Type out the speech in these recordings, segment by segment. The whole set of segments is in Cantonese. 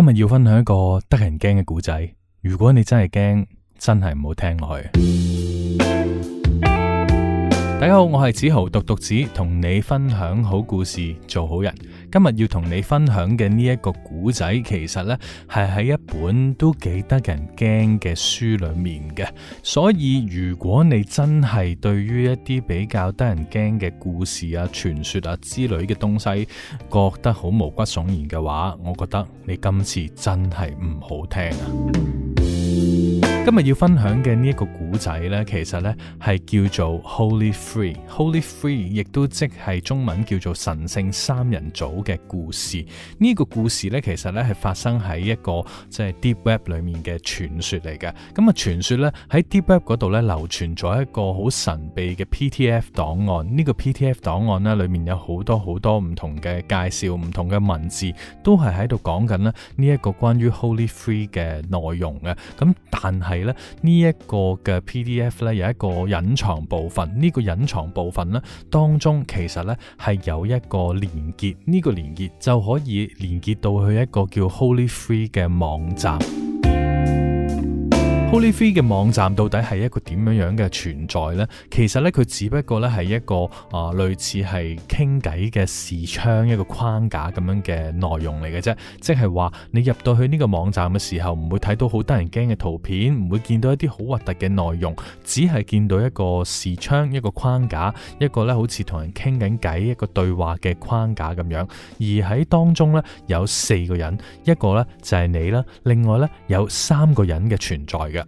今日要分享一個得人驚嘅故仔，如果你真係驚，真係唔好聽落去。大家好，我係梓豪，獨讀子同你分享好故事，做好人。今日要同你分享嘅呢一個故仔，其實呢係喺一本都幾得人驚嘅書裏面嘅。所以如果你真係對於一啲比較得人驚嘅故事啊、傳說啊之類嘅東西，覺得好毛骨悚然嘅話，我覺得你今次真係唔好聽啊！今日要分享嘅呢一個故仔呢，其實呢係叫做 Holy Three，Holy Three 亦都即係中文叫做神聖三人組嘅故事。呢、這個故事呢，其實呢係發生喺一個即係、就是、Deep Web 裏面嘅傳說嚟嘅。咁啊，傳說呢，喺 Deep Web 嗰度呢，流傳咗一個好神秘嘅 PDF 檔案。呢、這個 PDF 檔案呢，裏面有好多好多唔同嘅介紹，唔同嘅文字都係喺度講緊咧呢一個關於 Holy Three 嘅內容嘅。咁但係。呢一個嘅 PDF 咧，有一個隱藏部分，呢個隱藏部分呢，當中其實呢，係有一個連結，呢個連結就可以連結到去一個叫 Holy Three 嘅網站。Holy3 嘅網站到底係一個點樣樣嘅存在呢？其實呢，佢只不過咧係一個啊、呃、類似係傾偈嘅視窗一個框架咁樣嘅內容嚟嘅啫。即係話你入到去呢個網站嘅時候，唔會睇到好得人驚嘅圖片，唔會見到一啲好核突嘅內容，只係見到一個視窗、一個框架、一個咧好似同人傾緊偈、一個對話嘅框架咁樣。而喺當中呢，有四個人，一個呢就係、是、你啦，另外呢，有三個人嘅存在嘅。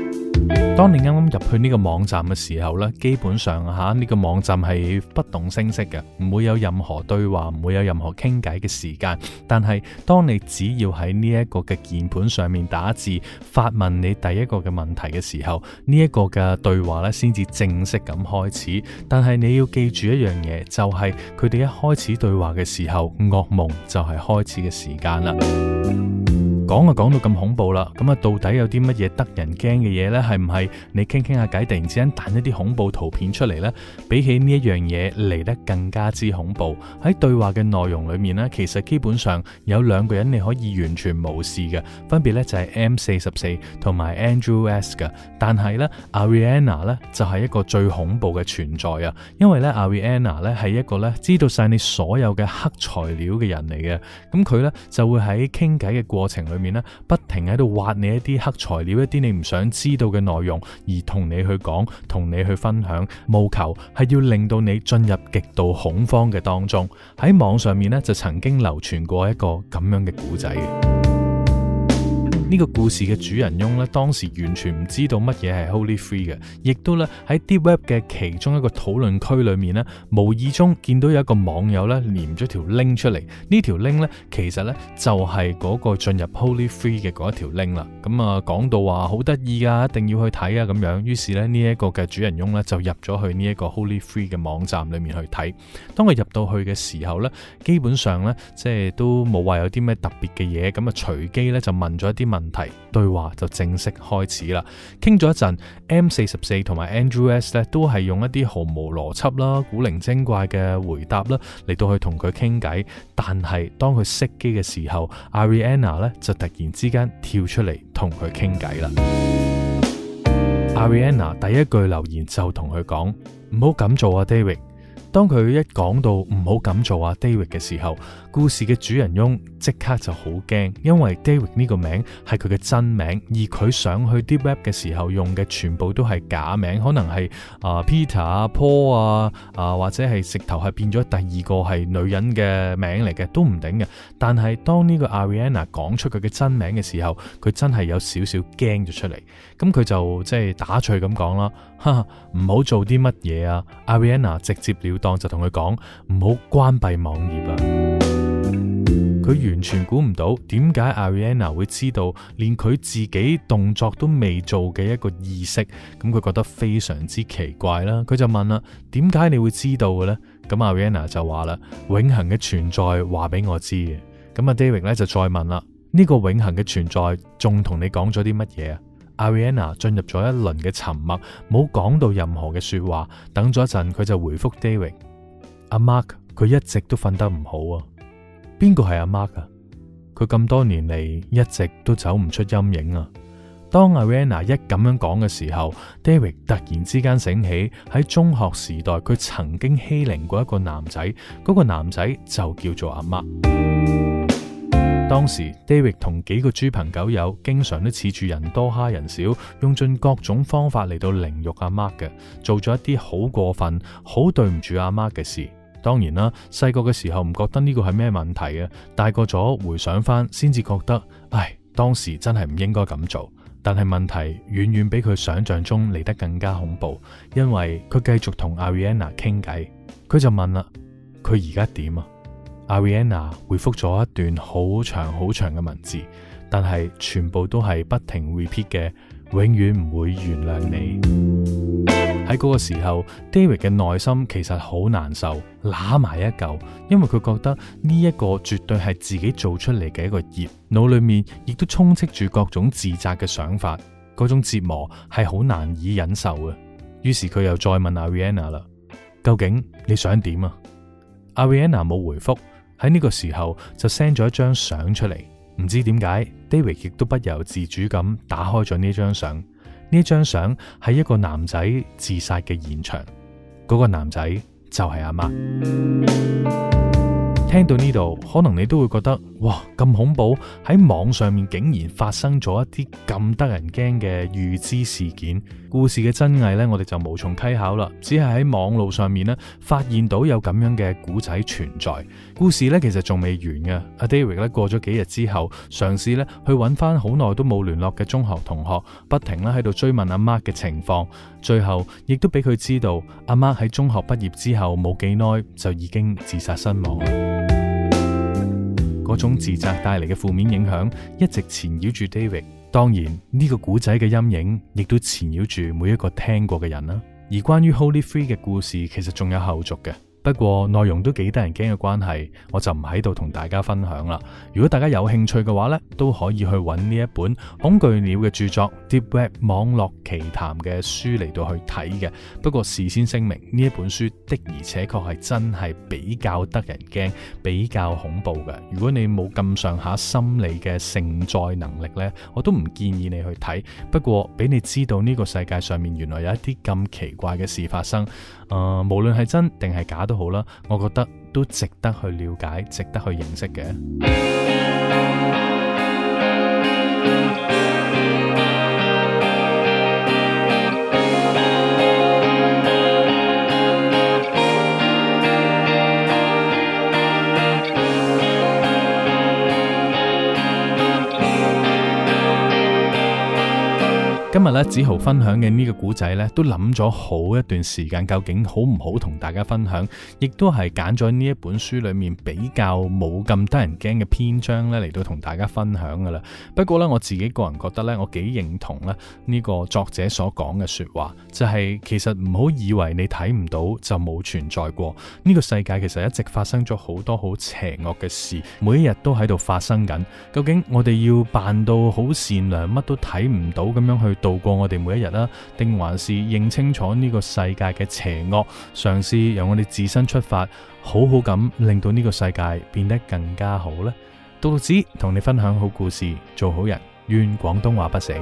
當你啱啱入去呢個網站嘅時候呢，基本上吓呢個網站係不動聲色嘅，唔會有任何對話，唔會有任何傾偈嘅時間。但係當你只要喺呢一個嘅鍵盤上面打字，發問你第一個嘅問題嘅時候，呢一個嘅對話呢先至正式咁開始。但係你要記住一樣嘢，就係佢哋一開始對話嘅時候，噩夢就係開始嘅時間啦。講啊講到咁恐怖啦，咁啊到底有啲乜嘢得人驚嘅嘢呢？係唔係你傾傾下偈，突然之間彈一啲恐怖圖片出嚟呢？比起呢一樣嘢嚟得更加之恐怖。喺對話嘅內容裏面呢，其實基本上有兩個人你可以完全無視嘅，分別咧就係 M 四十四同埋 Andrew S 嘅。但係呢 Arianna 呢就係一個最恐怖嘅存在啊，因為呢 Arianna 呢係一個呢知道晒你所有嘅黑材料嘅人嚟嘅，咁佢呢就會喺傾偈嘅過程裏。面呢不停喺度挖你一啲黑材料，一啲你唔想知道嘅內容，而同你去講，同你去分享，務求係要令到你進入極度恐慌嘅當中。喺網上面呢，就曾經流傳過一個咁樣嘅古仔。呢個故事嘅主人翁咧，當時完全唔知道乜嘢係 Holy Free 嘅，亦都咧喺 Deep Web 嘅其中一個討論區裏面咧，無意中見到有一個網友咧連咗條 link 出嚟，條呢條 link 咧其實咧就係、是、嗰個進入 Holy Free 嘅嗰一條 link 啦。咁啊講到話好得意㗎，一定要去睇啊咁樣。於是咧呢一、這個嘅主人翁咧就入咗去呢一個 Holy Free 嘅網站裏面去睇。當佢入到去嘅時候咧，基本上咧即係都冇話有啲咩特別嘅嘢，咁啊隨機咧就問咗一啲問。問題對話就正式開始啦，傾咗一陣，M 四十四同埋 M U S 咧都係用一啲毫無邏輯啦、古靈精怪嘅回答啦嚟到去同佢傾偈，但係當佢熄機嘅時候，Ariana 咧就突然之間跳出嚟同佢傾偈啦。Ariana 第一句留言就同佢講：唔好咁做啊，David。當佢一講到唔好咁做啊，David 嘅時候，故事嘅主人翁即刻就好驚，因為 David 呢個名係佢嘅真名，而佢上去 deep web 嘅時候用嘅全部都係假名，可能係啊、呃、Peter 啊 Paul 啊啊、呃、或者係直頭係變咗第二個係女人嘅名嚟嘅，都唔定嘅。但係當呢個 Arianna 講出佢嘅真名嘅時候，佢真係有少少驚咗出嚟，咁佢就即係、就是、打趣咁講啦，哈哈，唔好做啲乜嘢啊！Arianna 直接了。當就同佢講，唔好關閉網頁啊！佢完全估唔到點解 Ariana 會知道連佢自己動作都未做嘅一個意識，咁佢覺得非常之奇怪啦。佢就問啦：點解你會知道嘅咧？咁 Ariana 就話啦：永恒嘅存在話俾我知嘅。咁啊，David 咧，就再問啦：呢個永恒嘅存在仲同你講咗啲乜嘢啊？阿 Ariana 進入咗一輪嘅沉默，冇講到任何嘅說話。等咗一陣，佢就回覆 David：阿 Mark 佢一直都瞓得唔好啊。邊個係阿 Mark 啊？佢咁多年嚟一直都走唔出陰影啊。當阿 Ariana 一咁樣講嘅時候 ，David 突然之間醒起喺中學時代佢曾經欺凌過一個男仔，嗰個男仔就叫做阿 Mark。當時，David 同幾個豬朋狗友經常都恃住人多蝦人少，用盡各種方法嚟到凌辱阿 Mark 嘅，做咗一啲好過分、好對唔住阿 Mark 嘅事。當然啦，細個嘅時候唔覺得呢個係咩問題嘅，大個咗回想翻，先至覺得，唉，當時真係唔應該咁做。但係問題遠遠比佢想象中嚟得更加恐怖，因為佢繼續同 Ariana 傾偈，佢就問啦：佢而家點啊？Ariana 回覆咗一段好長好長嘅文字，但係全部都係不停 repeat 嘅，永遠唔會原諒你。喺嗰 個時候 ，David 嘅內心其實好難受，揦埋一嚿，因為佢覺得呢一個絕對係自己做出嚟嘅一個孽，腦裏面亦都充斥住各種自責嘅想法，嗰種折磨係好難以忍受嘅。於是佢又再問 Ariana 啦，究竟你想點啊？Ariana 冇回覆喺呢個時候就 send 咗一張相出嚟，唔知點解，David 亦都不由自主咁打開咗呢張相。呢張相係一個男仔自殺嘅現場，嗰個男仔就係阿媽。聽到呢度，可能你都會覺得，哇，咁恐怖，喺網上面竟然發生咗一啲咁得人驚嘅預知事件。故事嘅真偽呢，我哋就無從稽考啦。只係喺網路上面呢，發現到有咁樣嘅古仔存在。故事呢，其實仲未完嘅。阿 David 咧，過咗幾日之後，嘗試呢去揾翻好耐都冇聯絡嘅中學同學，不停咧喺度追問阿媽嘅情況。最後亦都俾佢知道阿媽喺中學畢業之後冇幾耐就已經自殺身亡。嗰種自責帶嚟嘅負面影響，一直纏繞住 David。當然，呢、這個古仔嘅陰影亦都纏繞住每一個聽過嘅人啦。而關於 Holy Three 嘅故事，其實仲有後續嘅。不過內容都幾得人驚嘅關係，我就唔喺度同大家分享啦。如果大家有興趣嘅話咧，都可以去揾呢一本恐懼鳥嘅著作《Deep Web 網絡奇談》嘅書嚟到去睇嘅。不過事先聲明，呢一本書的而且確係真係比較得人驚，比較恐怖嘅。如果你冇咁上下心理嘅承載能力呢，我都唔建議你去睇。不過俾你知道呢個世界上面原來有一啲咁奇怪嘅事發生。誒、呃，無論係真定係假都好啦，我覺得都值得去了解，值得去認識嘅。阿子豪分享嘅呢個古仔呢，都諗咗好一段時間，究竟好唔好同大家分享？亦都係揀咗呢一本書裏面比較冇咁得人驚嘅篇章呢，嚟到同大家分享噶啦。不過呢，我自己個人覺得呢，我幾認同呢呢個作者所講嘅說話，就係、是、其實唔好以為你睇唔到就冇存在過。呢、呢個世界其實一直發生咗好多好邪惡嘅事，每一日都喺度發生緊。究竟我哋要扮到好善良，乜都睇唔到咁樣去度過？我哋每一日啦，定還是認清楚呢個世界嘅邪惡，嘗試由我哋自身出發，好好咁令到呢個世界變得更加好呢。獨讀子同你分享好故事，做好人，願廣東話不死。